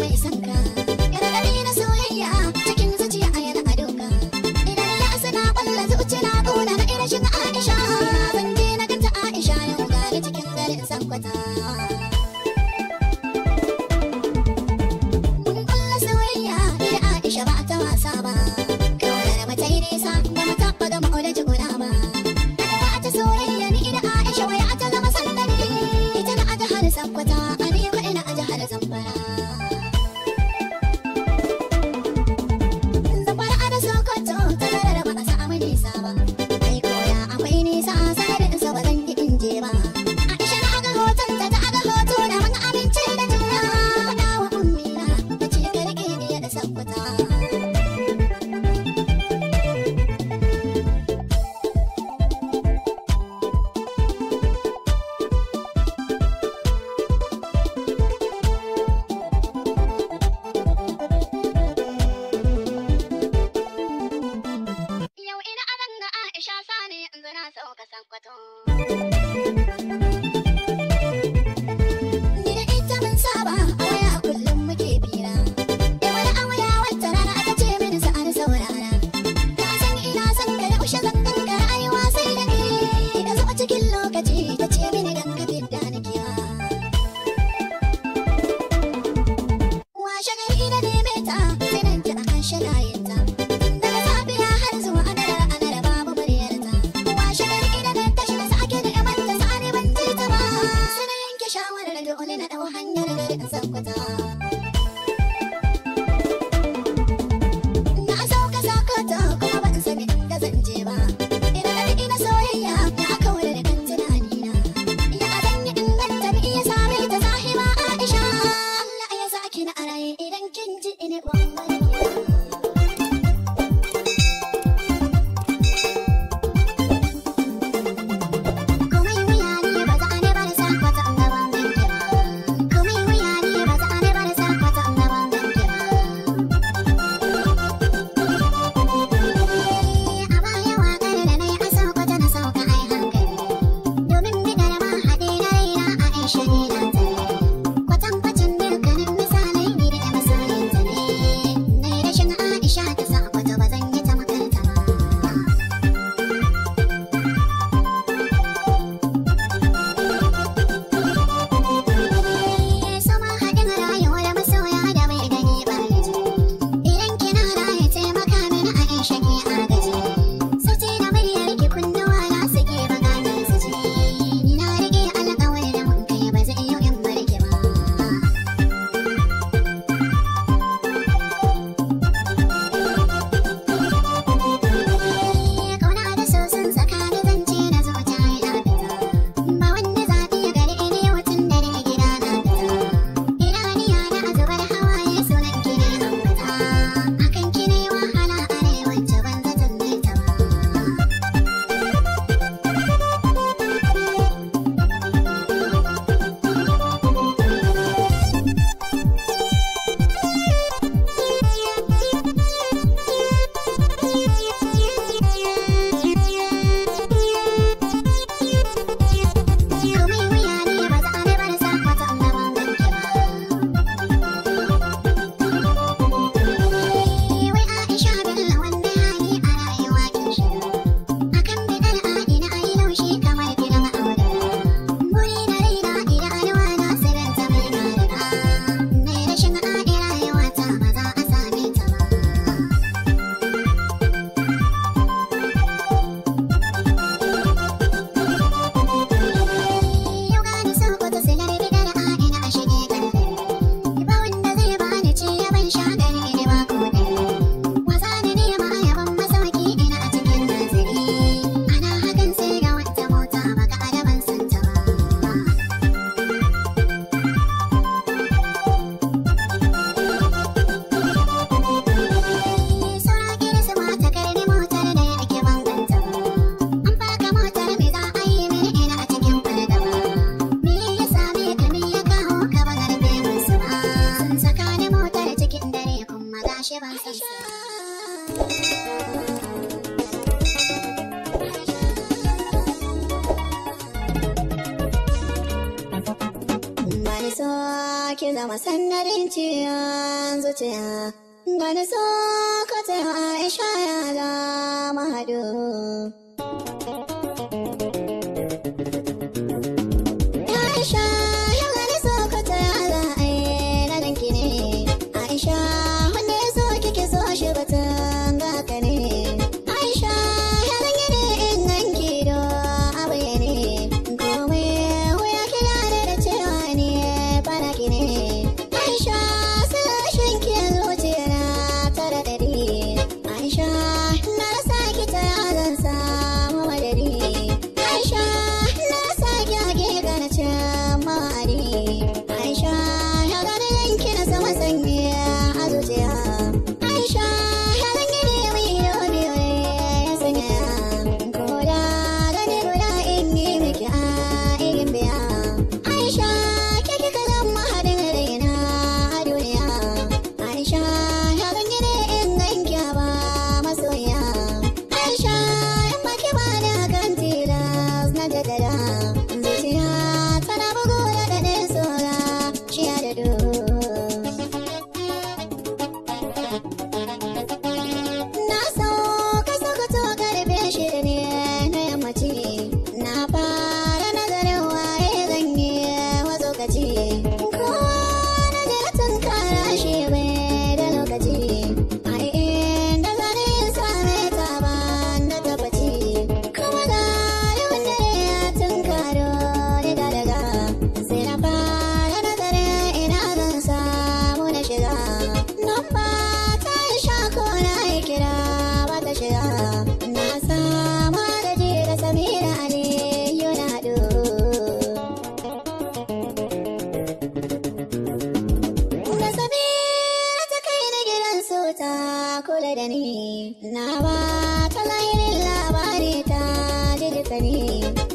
mai sanka na soyayya cikin zuciya a yana a doka idan ya sana balla zuciya na kuna na irin aisha ban je na ganta aisha yau gari cikin garin sankwata mun balla soyayya da aisha ba ta wasa ba kawai da mata yi nisa Badum. solución. ki zama sannarin ciyan zuciya. Gani so ka ta Aisha ya zama hadu. kula da ni, na ba kalayin labari ta jirka ne.